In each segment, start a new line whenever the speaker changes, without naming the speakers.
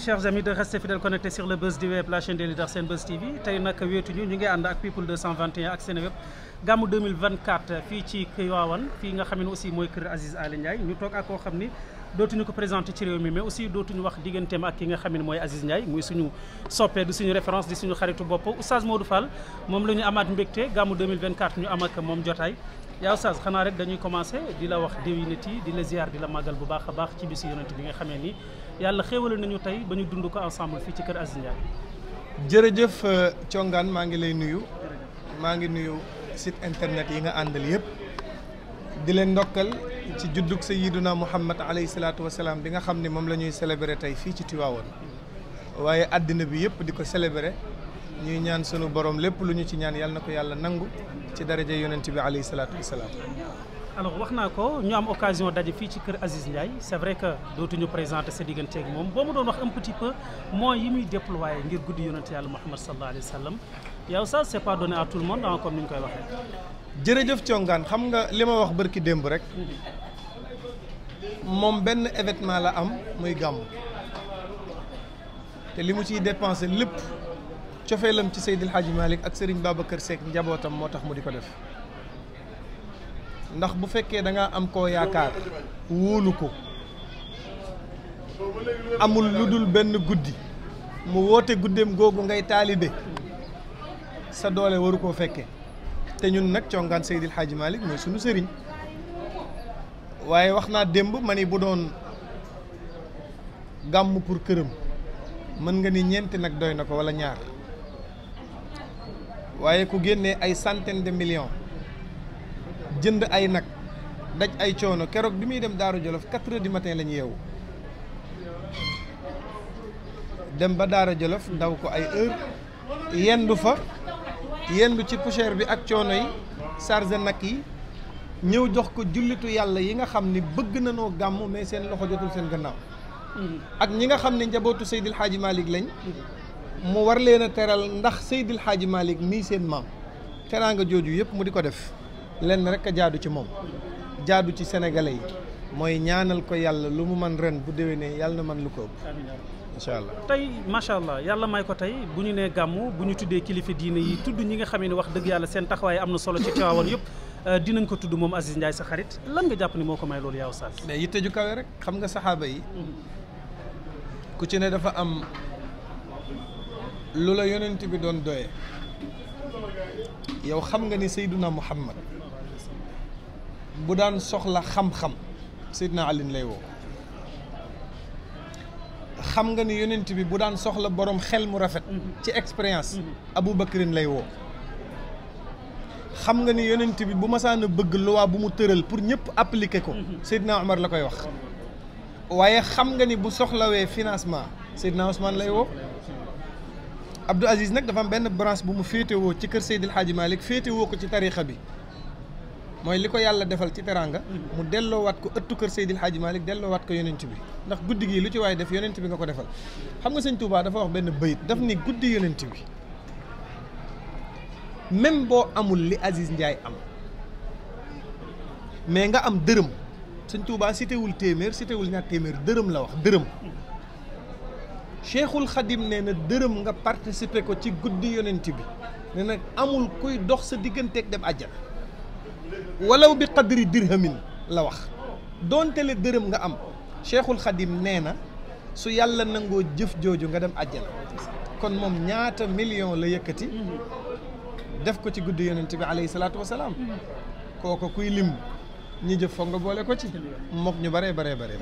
chers amis de rester fidèles connectés sur le buzz du web la chaîne des leaders Senbuzz TV tey nag weetuñu ñu ngi ànd ak people 221 ak Seneweb gàmmu 2024 fii ci Tivaouane fii nga xam ne aussi mooy kër Aziz Aly Ndiaye ñu toog ak koo xam ni dootuñu ko présenté ci réew mi mais aussi dootuñu wax digganteem ak ki nga xam ne mooy Aziz Ndiaye muy suñu soppee di suñu référence di suñu xaritu bopp Oustaz Modou Fall moom la amaat mbégte gàmmu 2024 ñu am ak moom jotaay yaa oustaz xanaa rek dañuy commencé di la wax déwénati di la ziar di la magal bu baax a baax ci bisu yonent bi nga xamee ni yàlla xéewale nañu tey ba ñu dund ko ensemble fii ci kër Aziz Ndiaye.
jërëjëf euh, Thiongane maa ngi lay nuyu. maa ngi nuyu site internet yi nga àndal yëpp. di leen ndokkal ci sa yidu Sayyiduna Muhammad alayhi salaatu wa salaam bi nga xam ne moom la ñuy célébrer tey fii ci Tivaouane. waaye àddina bi yëpp di ko célébrer. ñuy ñaan sunu borom lépp lu ñu ci ñaan
yàlla na ko yàlla nangu ci daraja yonent bi alayhi salaatu wasalaam alors wax naa ko ñu am occasion daje fii ci kër Aziz Ndiaye c'est vrai que dootuñu présenté sa diggante ak moom boo ma doon wax un petit peu mooy yi muy déployé ngir guddi yonent yàlla Muhammad sallallahu alayhi wa sallam yow ça c'est pas donné à tout le monde ah comme ni ñu koy waxee. jërëjëf Thiongaan xam nga li ma wax bërki démb rek
moom benn évétement la am muy gàmm te li mu lépp. cofeelam ci Seydil Hadji Malick ak Serigne kër seek njabootam moo tax mu di ko def ndax bu fekkee da am koo yaakaar wóolu ko amul lu dul benn guddi mu woote guddeem googu ngay taalibe sa doole waru koo fekkee te ñun nag congaan Seydil Hadji malik mooy sunu sëriñ waaye wax naa démb ma ni bu doon gàmm pour këram mën nga ni ñeenti nag doy na ko wala ñaar waaye ku génnee ay centaine de million jënd ay nag daj ay coono keroog bi muy dem Daaru Jolof quatre heures du matin la ñu yeewu dem ba Daaru Jolof ndaw ko ay heure yendu fa yendu ci poussière bi ak coono yi chargé nag yi ñëw jox ko jullitu yàlla yi nga xam ni bëgg na noo gàmm mais seen loxo jotul seen gannaaw mm-hmm. ak ñi nga xam ne njabootu Seydil Hadji Malick lañ mm-hmm. mu war leen a teral ndax Seydil Hadji maalik mii seen maam teraanga jooju yëpp mu di ko def lenn rek a jaadu ci moom jaadu ci sénégalais yi mooy ñaanal ko yàlla lu mu man ren bu déwénee yàlla na man lu ko ëpp
allah tey macha yàlla may ko tey bu ñu nee gàmmu bu ñu tuddee kilifa diine yi tudd ñi nga xamee ne wax dëgg yàlla seen taxawaay am na solo ci Tiwaawan yëpp euh, dinañ ko tudd moom Aziz Ndiaye sa xarit lan nga jàpp ni moo ko may loolu yaaw saas mais yitte ju kawe rek xam nga saxaaba yi ku dafa
lu la yonent bi doon doyee yow xam nga ni Seyduna Muhammad bu daan soxla xam-xam Seydina Alin lay woo xam nga ni yonent bi bu daan soxla borom xel mu rafet ci expérience Abu Bakrin lay woo xam nga ni yonent bi bu masaan a bëgg loi bu mu tëral pour ñëpp appliquer ko Seydina Omar la koy wax waaye xam nga ni bu soxlawee financement Seydina Ousmane lay woo Abdou Aziz nag dafa am benn branche bu mu féetewoo ci kër Seydil Hadji Malick féetewoo ko ci tariixa bi mooy li ko yàlla defal ci teranga mu delloowaat ko ëtt kër Seydil Hadji Malick delloowaat ko yonent bi ndax guddi gii lu ci waaye def yonent bi nga ko defal xam nga sëñ Touba dafa wax benn bayit daf ni guddi yonent bi même boo amul li Aziz Ndiaye am mais nga am dërëm sëñ Touba cité wul téeméer cité wul ñaar téeméer dërëm la wax dërëm cheikhul xadim nee na dërëm nga participer ko ci guddi yonent bi ne nag amul kuy dox sa digganteeg dem àjjana walaw bi qadri dirhamin la wax doonte le dërëm nga am cheikhul xadim nee na su yàlla nangoo jëf jooju nga dem àjjana kon moom ñaata million la yëkkati def ko ci guddi yonent bi alayhi salaatu wasalaam kooko kuy lim ñi jëf foog nga boole ko
ci mook ñu bare bare bare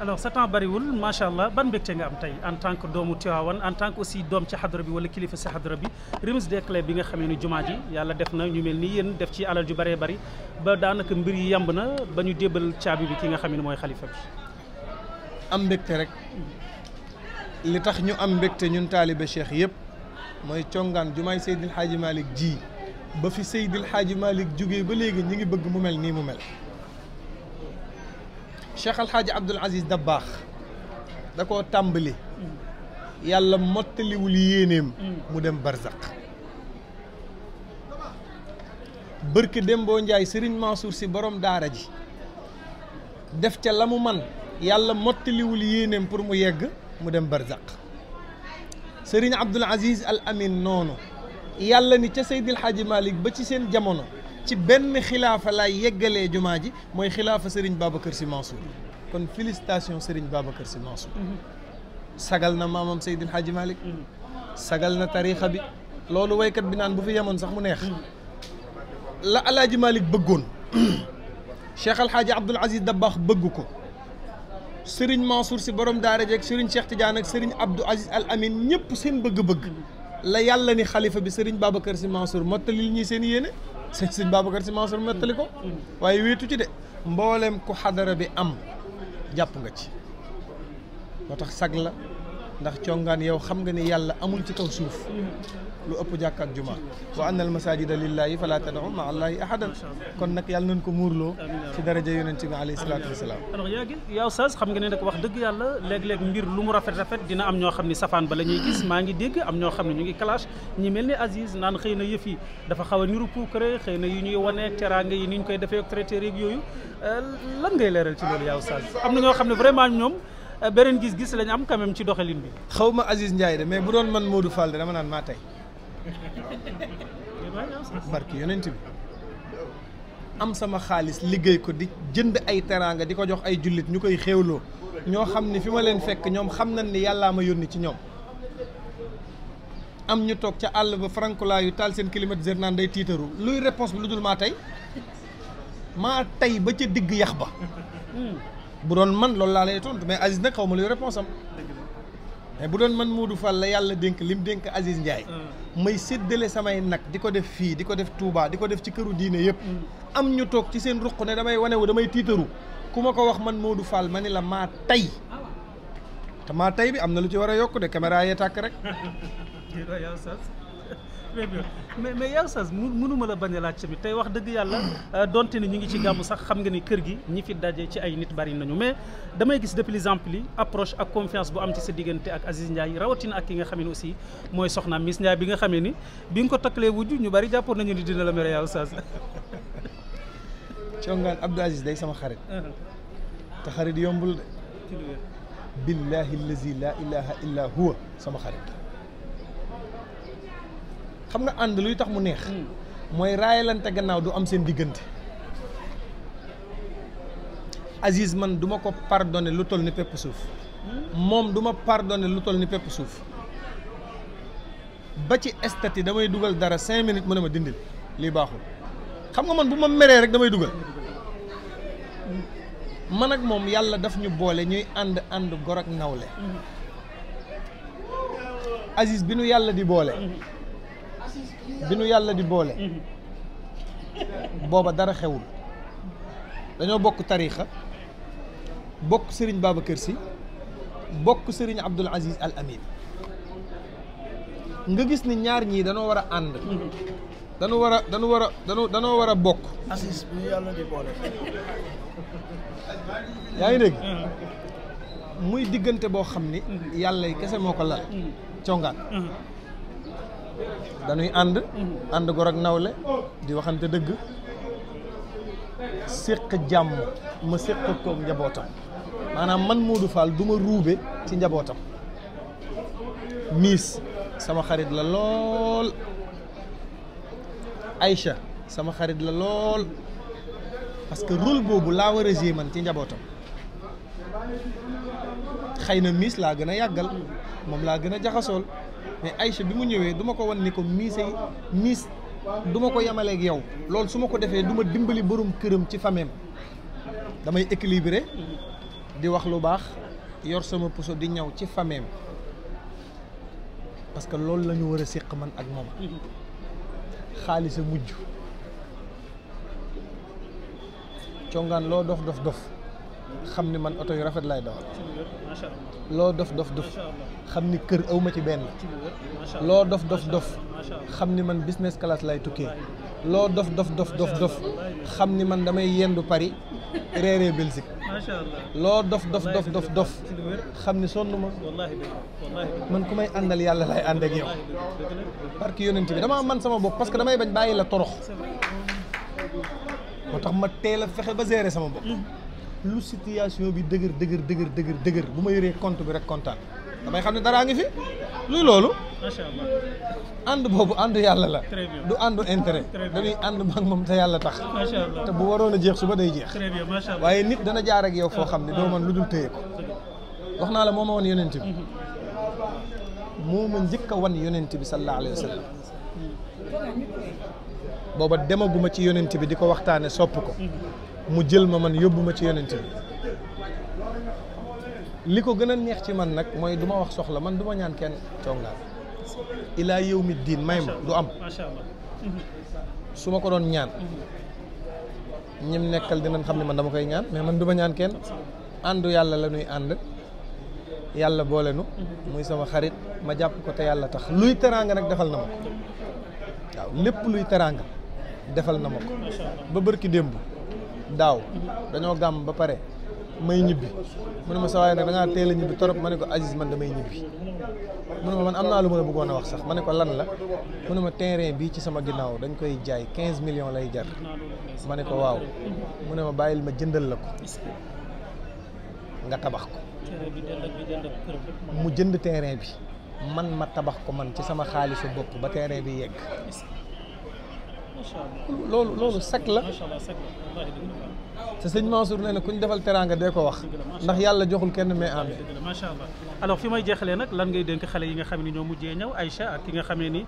alors sa temps bariwul macha allah ban mbégte nga am tey en tant que doomu Tivaouane en tant que aussi doom ci xadra bi wala kilifa si xadra bi remise des clés bi nga xamee ni jumaa ji yàlla def na ñu mel ni yéen def ci alal ju bëree bari ba daanaka mbir yi yàmb na ba ñu jébbal caabi bi ki nga xam ne mooy xalifa bi. am mbégte rek
li tax ñu am mbégte ñun taalibe cheikh yëpp mooy congaan jumaay Seydil Hadji Malick ji ba fi Seydil Hadji Malick jugee ba léegi ñi ngi bëgg mu mel nii mu mel. Cheikh Alxaaji Abdul Aziz Dabbaax da koo tàmbali yàlla mottaliwul yéeneem mm. mu dem barzak bërki Dembo Njaay sëriñ Mansour si borom daara ji def ca la mu man yàlla mottaliwul yéeneem pour mu yegg mu dem barzak sëriñ Abdul Aziz Al Amin noonu yàlla ni ca Seydil Xaaji Malik ba ci seen jamono ci benn xilaafa laay yeggalee jumaa ji mooy xilaafa sëriñ Babacar Sy Mansour kon félicitation sëriñ Babacar Sy Mansour mhm. sagal na maamam Seydil Hadji Malick mhm. sagal na tariixa bi loolu waykat bi naan bu fi yemoon sax mu neex mhm. la alaaji Malick bëggoon Cheikh Alhaaji Abdoul Aziz Dabakh bëgg ko sëriñ Mansour si borom daara jeeg sëriñ Cheikh Tidiane ak sëriñ Abdou Aziz Al Amin ñëpp seen bëgg-bëgg la yàlla ni xalifa bi sëriñ Babacar Sy Mansour mottalil ñi seen yéene sëñ sëñ Babacar Sy Mansour mettali ko waaye wéetu ci de mbooleem ku xadara bi am jàpp nga ci moo tax sag la ndax congaan yow xam nga ni yàlla amul ci kaw suuf lu ëpp jàkk ak juma wa anna al masajida lillahi fala tad'u ma allahi ahadan kon nag yàlla nañ ko muurloo ci daraja yonent bi alayhi salaatu wasalaam
alors yaa ngi yaa Oustaz xam nga ne nag wax dëgg yàlla léeg-léeg mbir lu rafet rafet dina am ñoo xam ni safaan ba la ñuy maa ngi dégg am ñoo xam ne ñu ngi clash ñi mel ni Aziz naan xëy na yëf yi dafa xaw a niru puukare xëy na yu ñuy waneeg teraanga yi ni ñu koy defee ak traiteur yooyu euh, lan ngay leeral ci loolu yaa Oustaz am na ñoo xam ne vraiment ñoom Euh, beneen gis-gis lañu am quand ci doxalin bi. xaw ma Aziz Ndiaye de mais bu doon man Modou Fall de dama naan maa tey. barki
yonent bi am sama xaalis liggéey ko di jënd ay teraanga di ko jox ay jullit ñu koy xéewloo ñoo xam ne fi ma leen fekk ñoom xam nañ ni yàllaa ma yónni ci ñoom. am ñu toog ca àll ba francola yu taal seen climatiseur naan day tiitaru luy réponse bi lu dul maa tey maa tey ba ca digg yax ba. Hmm. bu doon man loolu laa lay tontu mais Aziz nag xaw ma luy réponse am mais bu doon man Modou Fall la yàlla dénk lim dénk Aziz Ndiaye mm. may séddale samay nag di ko def fii di ko def Touba di ko def ci këru diine yëpp mm. am ñu toog ci seen ruq ne damay wanewu damay tiitaru ku ma ko wax man Modou Fall ma ni la maa tey ah. te maa tey bi am na lu ci war a yokk
de caméra yee tàkk rek très mais mais yow sax mënuma la bañ a laaj mi tey wax dëgg yàlla euh, donte na ñu ngi ci gàmmu sax xam nga ni kër gi ñi fi daje ci ay nit bari nañu mais damay gis de plus en plus approche ak confiance bu am ci sa diggante ak Aziz Ndiaye rawatina ak ki nga xam ne aussi mooy soxna Miss Ndiaye bi nga xamee ni bi nga ko takkalee wujj ñu bari jàppoon nañu ni dina la mere yow sax.
congaan Abdou Aziz day sama xarit. Uh-huh. te xarit yombul de. billahi allazi la ilaha illa sama xarit. xam nga ànd luy tax mu neex hmm. mooy raayalante gannaaw du am seen diggante Aziz man duma ma ko pardonné lu toll ni pepp suuf hmm. moom duma ma pardonné lu toll ni pepp suuf ba ci estati damay dugal dara cinq minutes mu ne ma dindil li baaxul xam nga man bu ma meree rek damay dugal man ak moom yàlla daf ñu boole ñuy ànd ànd gor ak nawle hmm. Aziz bi nu yàlla di boole bi nu yàlla di boole mhm. booba dara xewul dañoo bokk tariixa bokk sëriñ kër si bokk sëriñ Abdoul Aziz Al Amin nga gis ni ñaar ñii danoo war a ànd mhm. dañu war a war a dañu war a bokk assis bi ngi dégg mhm. muy diggante boo xam ni yàllay kese moo ko lal congaan dañuy ànd ànd gor ak nawle di waxante dëgg séq jàmm ma séq koog njabootam maanaam man Modou Fall du ma ruube ci njabootam miis sama xarit la lool Aïcha sama xarit la lool parce que rôle boobu laa war a jouer man ci njabootam xëy na miis laa gën a yàggal moom laa gën a jaxasool mais Aïcha bi mu ñëwee duma ko wan ni ko miise miis du ko yemaleeg yow loolu su ma ko defee duma dimbali borom këram ci fameem damay équilibré di wax lu baax yor sama puso di ñëw ci fameem parce que loolu la ñu war a séq man ak moom xaalis a mujj congaan loo dof dof dof xam ni man oto yu rafet laay dawal loo dof dof dof xam ni kër aw ma ci benn loo dof dof dof xam ni man business class laay tukkee loo dof dof dof dof dof xam ni man damay yendu Paris réeree Belgique loo dof dof dof dof dof xam ni sonn ma man ku may àndal yàlla lay ànd ak yow parce que yonent bi dama man sama bopp parce que damay bañ bàyyi la torox moo tax ma teel a fexe ba gérer sama bopp mm. lu situation bi dëgër dëgër dëgër dëgër dëgër bu ma yoree compte bi rek kontaan damay xam ne daraa ngi fi
luy loolu. macha allah ànd boobu ànd yàlla la. du àndu
intere dañuy ànd mag moom te yàlla tax. te bu waroon a jeex ba day jeex. waaye nit dana jaar ak yow foo xam ne doo ah. man lu dul téye ko. wax naa la moo ma wan yonent bi.
Mm-hmm.
moo ma njëkk a wan yonent bi sallallahu alayhi wa sallam. booba demaguma ci yonent bi di ko waxtaane sopp ko. Mm-hmm. mu jël ma man yóbbu ma ci yonent bi li ko gën a neex ci man nag mooy duma wax soxla man duma ñaan kenn congaan ilaa yow mi diin may ma du am su ma ko doon ñaan ñim nekkal dinañ xam ne man dama koy ñaan mais man du ma ñaan kenn àndu yàlla la ñuy ànd yàlla boole nu muy sama xarit ma jàpp ko te yàlla tax luy teraanga nag defal na ma ko waaw lépp luy teraanga defal na ma ko ba bërki démb daaw dañoo gàmm ba pare may ñibbi mu ne ma sa nag da ngaa teel a ñibbi torop ma ne ko Aziz man damay ñibbi mu ne ma man am naa lu ma la bëggoon a wax sax ma ne ko lan la mu ne ma terrain bi ci sama ginnaaw dañ koy jaay quinze millions lay jar ma ne ko waaw mu ne ma bàyyil ma jëndal la ko nga tabax ko mu jënd terrain bi man ma tabax ko man ci sama xaalisu bopp ba terrain bi yegg loolu loolu sag la te sëñ Mansour nee na ku ñu defal teraanga de ko wax ndax yàlla joxul kenn mais amee
macha allah alors fi may jeexalee nag lan ngay dénk xale yi nga xam ne ñoo mujjee ñëw Aïcha ak ki nga xamee ni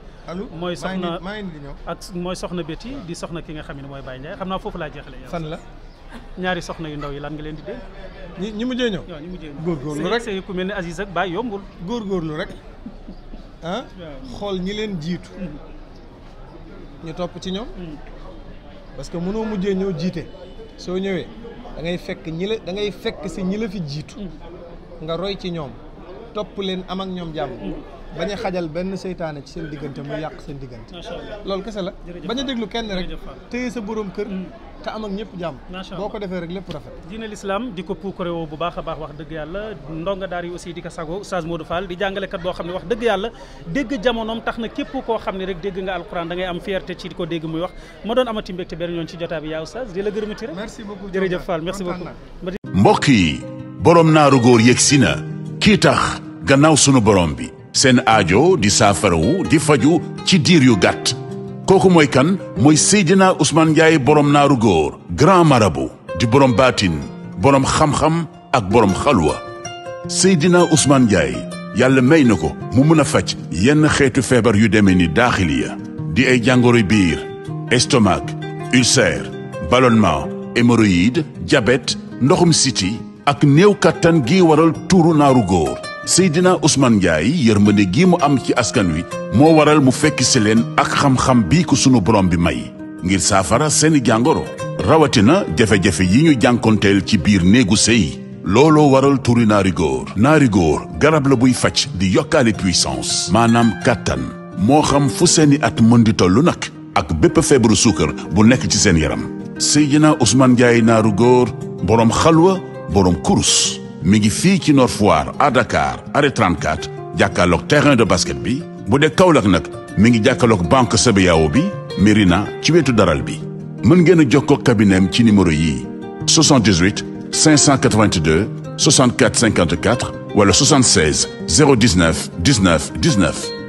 mooy soxna ak mooy soxna Betty di soxna ki nga xam ne mooy Baye Ndiaye xam naa foofu laa jeexalee fan la ñaari soxna yu ndaw yi lan nga leen di dénk ñi ñi mujjee ñëw ñi mujjee ñëw góorgóorlu rek sëy ku mel ne Aziz ak Baye yombul góorgóorlu rek ah xool ñi leen jiitu hmm. ñu topp
ci ñoom. parce que mënoo mujjee ñëw jiite soo ñëwee da ngay fekk ñi la da ngay fekk si ñi la fi jiitu. nga roy ci ñoom topp leen am ak ñoom jàmm. bañ a xajal benn seytaane ci seen diggante muy yàq seen diggante loolu kese la bañ a déglu kenn rek téye sa borom kër mm. te am ak ñëpp jàmm boo ko defee rek lépp rafet
diine lislaam di ko puukarewoo bu baax a baax wax dëgg yàlla ndonga daar yi aussi di ko sago Oustaz Modou Fall di jàngalekat boo xam ne wax dëgg yàlla dégg jamonoom tax na képp koo xam ne rek dégg nga alquran da ngay am fierté ci di ko dégg muy wax ma doon amati mbégte benn yoon ci jotaay bi yaa Oustaz di la gërëmati rek merci beaucoup jërëjëf Fall merci beaucoup
mbokk naaru góor yegg si na kii gannaaw sunu borom bi seen aajo di saafarawu di faju ci diir yu gàtt kooku mooy kan mooy Seydina usmaan Ndiaye boroom naaru góor grand marabout di boroom baatin borom xam-xam ak boroom xalwa Seydina Ousmane Ndiaye yàlla may na ko mu mën a faj yenn xeetu feebar yu demee ni daaxiliya di ay jàngoro biir estomac ulcère ballonnement hémorroïde diabète ndoxum siti ak néew kattan gi waral tuuru naaru góor Seydina Ousmane Ndiaye yërmande gi mu am ci askan wi moo waral mu fekk si leen ak xam-xam bi ko sunu borom bi may ngir saafara seeni jàngoro rawatina jafe-jafe yi ñu jànkonteel ci biir néegu sëy looloo waral turi naari góor naari góor garab la buy faj di yokkaale puissance maanaam kàttan moo xam fu seeni at mën di tollu nag ak bépp feebaru suukar bu nekk ci seen yaram Seydina Ousmane Ndiaye naaru góor boroom xalwa boroom kurus mi ngi fii ci Nord Foire à Dakar arrêt 34 jàkkaarloog terrain de basket bi bu dee Kaolack nag mi ngi jàkkaarloog banque CBAO bi Mérina ci wetu daral bi mën ngeen a jokkoo kabineem ci numéro yii 78 582 64 54 wala 76 019 19 19